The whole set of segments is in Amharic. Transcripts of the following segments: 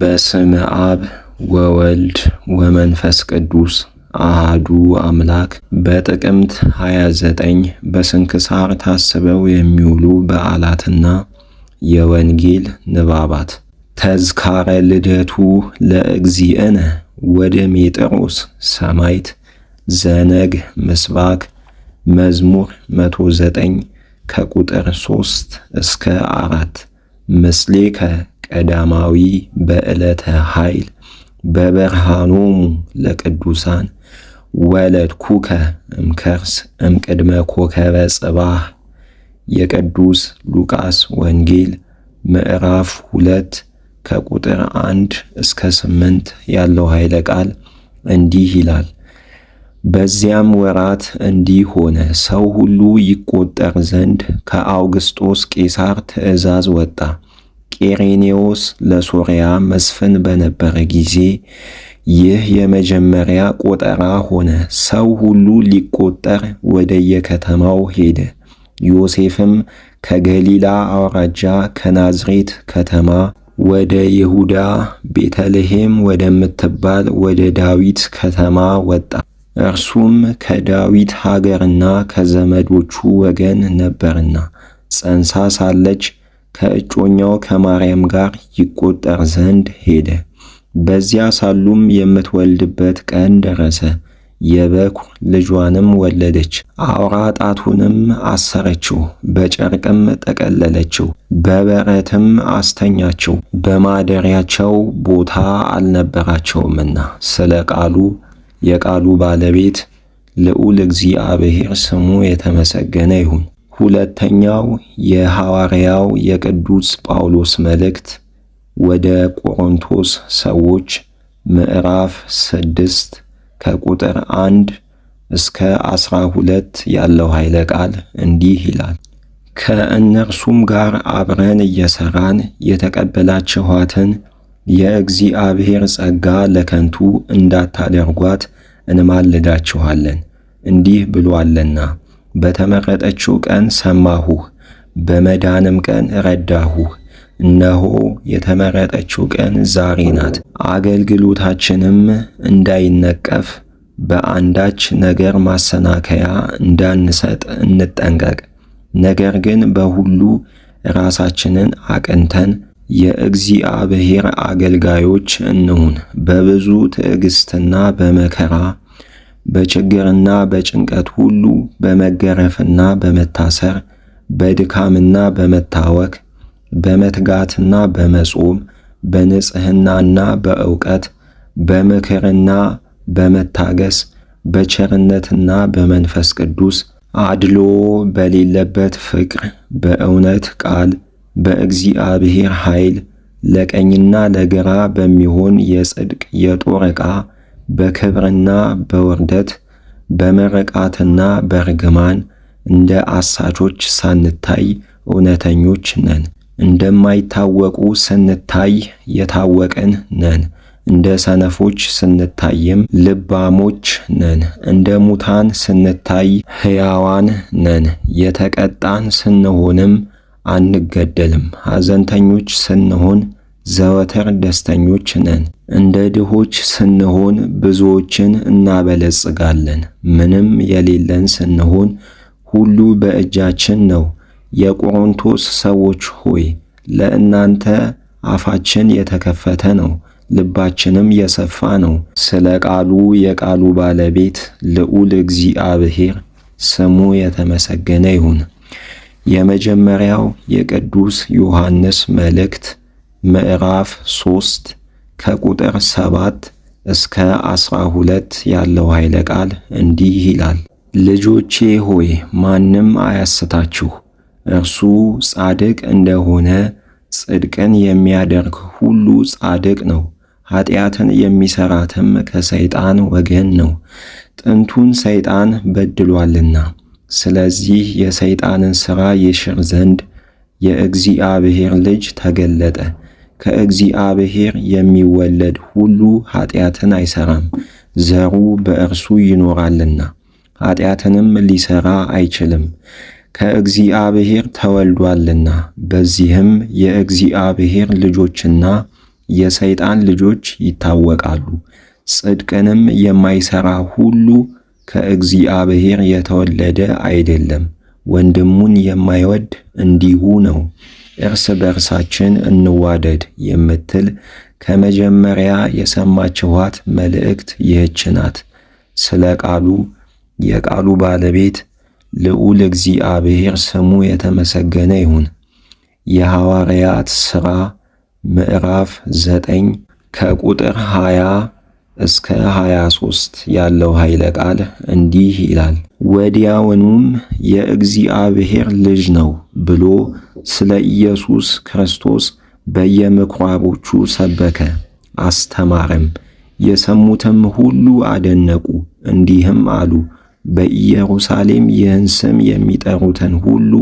በስም አብ ወወልድ ወመንፈስ ቅዱስ አሃዱ አምላክ በጥቅምት 29 በስንክሳር ታስበው የሚውሉ በዓላትና የወንጌል ንባባት ተዝካረ ልደቱ ለእግዚእነ ወደሜጥሮስ ሰማይት ዘነግ ምስባክ መዝሙር 109 ከቁጥር 3 እስከ 4 ምስሌከ ቀዳማዊ በዕለተ ኃይል በበርሃኖሙ ለቅዱሳን ወለድኩከ እምከርስ እምቅድመ ኮከበ ጽባህ። የቅዱስ ሉቃስ ወንጌል ምዕራፍ ሁለት ከቁጥር አንድ እስከ ስምንት ያለው ኃይለ ቃል እንዲህ ይላል። በዚያም ወራት እንዲህ ሆነ፣ ሰው ሁሉ ይቆጠር ዘንድ ከአውግስጦስ ቄሳር ትእዛዝ ወጣ። ቄሬኔዎስ ለሶርያ መስፍን በነበረ ጊዜ ይህ የመጀመሪያ ቆጠራ ሆነ። ሰው ሁሉ ሊቆጠር ወደየከተማው ሄደ። ዮሴፍም ከገሊላ አውራጃ ከናዝሬት ከተማ ወደ ይሁዳ ቤተልሔም ወደምትባል ወደ ዳዊት ከተማ ወጣ። እርሱም ከዳዊት ሀገርና ከዘመዶቹ ወገን ነበርና ጸንሳ ሳለች ከእጮኛው ከማርያም ጋር ይቆጠር ዘንድ ሄደ። በዚያ ሳሉም የምትወልድበት ቀን ደረሰ። የበኩር ልጇንም ወለደች። አውራ ጣቱንም አሰረችው፣ በጨርቅም ጠቀለለችው፣ በበረትም አስተኛችው፣ በማደሪያቸው ቦታ አልነበራቸውምና። ስለ ቃሉ የቃሉ ባለቤት ልዑል እግዚአብሔር ስሙ የተመሰገነ ይሁን። ሁለተኛው የሐዋርያው የቅዱስ ጳውሎስ መልእክት ወደ ቆሮንቶስ ሰዎች ምዕራፍ ስድስት ከቁጥር አንድ እስከ ዐሥራ ሁለት ያለው ኃይለ ቃል እንዲህ ይላል። ከእነርሱም ጋር አብረን እየሰራን የተቀበላችኋትን የእግዚአብሔር ጸጋ ለከንቱ እንዳታደርጓት እንማልዳችኋለን፣ እንዲህ ብሎአልና በተመረጠችው ቀን ሰማሁህ፣ በመዳንም ቀን ረዳሁህ። እነሆ የተመረጠችው ቀን ዛሬ ናት። አገልግሎታችንም እንዳይነቀፍ በአንዳች ነገር ማሰናከያ እንዳንሰጥ እንጠንቀቅ። ነገር ግን በሁሉ ራሳችንን አቅንተን የእግዚአብሔር አገልጋዮች እንሁን፣ በብዙ ትዕግስትና በመከራ በችግርና በጭንቀት ሁሉ በመገረፍና በመታሰር በድካምና በመታወክ በመትጋትና በመጾም በንጽህናና በእውቀት በምክርና በመታገስ በቸርነትና በመንፈስ ቅዱስ አድሎ በሌለበት ፍቅር በእውነት ቃል በእግዚአብሔር ኃይል ለቀኝና ለግራ በሚሆን የጽድቅ የጦር ዕቃ በክብርና በውርደት በምርቃትና በርግማን እንደ አሳቾች ሳንታይ እውነተኞች ነን። እንደማይታወቁ ስንታይ የታወቅን ነን። እንደ ሰነፎች ስንታይም ልባሞች ነን። እንደ ሙታን ስንታይ ሕያዋን ነን። የተቀጣን ስንሆንም አንገደልም። ሐዘንተኞች ስንሆን ዘወትር ደስተኞች ነን። እንደ ድሆች ስንሆን ብዙዎችን እናበለጽጋለን። ምንም የሌለን ስንሆን ሁሉ በእጃችን ነው። የቆሮንቶስ ሰዎች ሆይ ለእናንተ አፋችን የተከፈተ ነው፣ ልባችንም የሰፋ ነው። ስለ ቃሉ የቃሉ ባለቤት ልዑል እግዚአብሔር ስሙ የተመሰገነ ይሁን። የመጀመሪያው የቅዱስ ዮሐንስ መልእክት ምዕራፍ 3 ከቁጥር 7 እስከ 12 ያለው ኃይለ ቃል እንዲህ ይላል። ልጆቼ ሆይ ማንም አያስታችሁ፣ እርሱ ጻድቅ እንደሆነ ጽድቅን የሚያደርግ ሁሉ ጻድቅ ነው፣ ኀጢአትን የሚሠራትም ከሰይጣን ወገን ነው፣ ጥንቱን ሰይጣን በድሏልና። ስለዚህ የሰይጣንን ሥራ ይሽር ዘንድ የእግዚአብሔር ልጅ ተገለጠ። ከእግዚአብሔር የሚወለድ ሁሉ ኀጢአትን አይሰራም ዘሩ በእርሱ ይኖራልና ኀጢአትንም ሊሰራ አይችልም። ከእግዚአብሔር ተወልዷልና በዚህም የእግዚአብሔር ልጆችና የሰይጣን ልጆች ይታወቃሉ። ጽድቅንም የማይሰራ ሁሉ ከእግዚአብሔር የተወለደ አይደለም። ወንድሙን የማይወድ እንዲሁ ነው። እርስ በርሳችን እንዋደድ የምትል ከመጀመሪያ የሰማችኋት መልእክት ይህች ናት። ስለ ቃሉ የቃሉ ባለቤት ልዑል እግዚአብሔር ስሙ የተመሰገነ ይሁን። የሐዋርያት ሥራ ምዕራፍ 9 ከቁጥር 20 እስከ 23 ያለው ኃይለ ቃል እንዲህ ይላል። ወዲያውኑም የእግዚአብሔር ልጅ ነው ብሎ ስለ ኢየሱስ ክርስቶስ በየምኵራቦቹ ሰበከ፣ አስተማረም። የሰሙትም ሁሉ አደነቁ፣ እንዲህም አሉ፣ በኢየሩሳሌም ይህን ስም የሚጠሩትን ሁሉ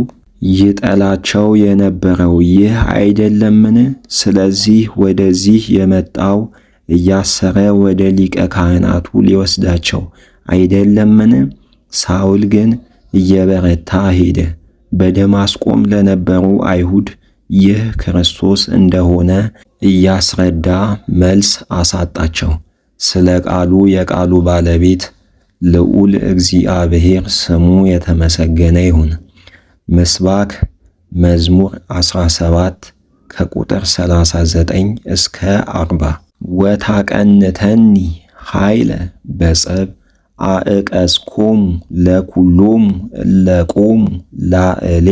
ይጠላቸው የነበረው ይህ አይደለምን? ስለዚህ ወደዚህ የመጣው እያሰረ ወደ ሊቀ ካህናቱ ሊወስዳቸው አይደለምን? ሳውል ግን እየበረታ ሄደ። በደማስቆም ለነበሩ አይሁድ ይህ ክርስቶስ እንደሆነ እያስረዳ መልስ አሳጣቸው። ስለ ቃሉ የቃሉ ባለቤት ልዑል እግዚአብሔር ስሙ የተመሰገነ ይሁን። ምስባክ መዝሙር 17 ከቁጥር 39 እስከ 40 ወታቀንተኒ ኃይለ በጸብ አእቀስኮሙ ለኩሎሙ እለቆሙ ላእሌ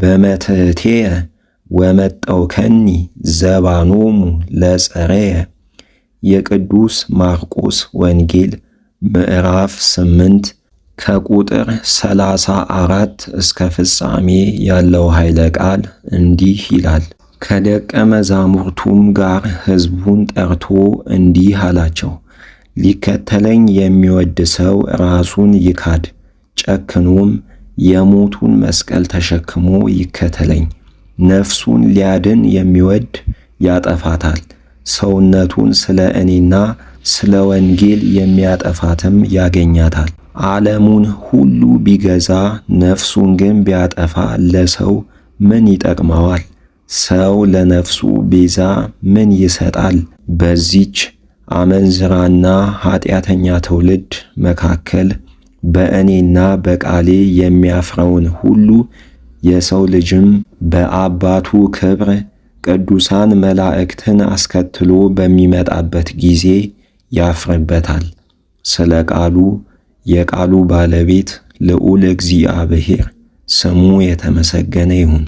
በመትሕቴ ከኒ ዘባኖሙ ለጸሬ የቅዱስ ማርቆስ ወንጌል ምዕራፍ ስምንት ከቁጥር ሰላሳ አራት እስከ ፍጻሜ ያለው ኃይለ ቃል እንዲህ ይላል። ከደቀ መዛሙርቱም ጋር ሕዝቡን ጠርቶ እንዲህ አላቸው ሊከተለኝ የሚወድ ሰው ራሱን ይካድ፣ ጨክኖም የሞቱን መስቀል ተሸክሞ ይከተለኝ። ነፍሱን ሊያድን የሚወድ ያጠፋታል፣ ሰውነቱን ስለ እኔና ስለ ወንጌል የሚያጠፋትም ያገኛታል። ዓለሙን ሁሉ ቢገዛ ነፍሱን ግን ቢያጠፋ ለሰው ምን ይጠቅመዋል? ሰው ለነፍሱ ቤዛ ምን ይሰጣል? በዚች አመንዝራና ኃጢአተኛ ትውልድ መካከል በእኔና በቃሌ የሚያፍረውን ሁሉ የሰው ልጅም በአባቱ ክብር ቅዱሳን መላእክትን አስከትሎ በሚመጣበት ጊዜ ያፍርበታል። ስለ ቃሉ የቃሉ ባለቤት ልዑል እግዚአብሔር ስሙ የተመሰገነ ይሁን።